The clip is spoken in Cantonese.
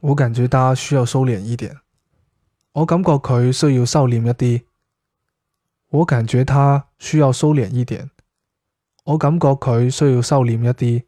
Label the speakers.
Speaker 1: 我感覺他需要收斂一點，我感覺佢需要收斂一啲，我感覺他需要收斂一點，我感覺佢需要收斂一啲。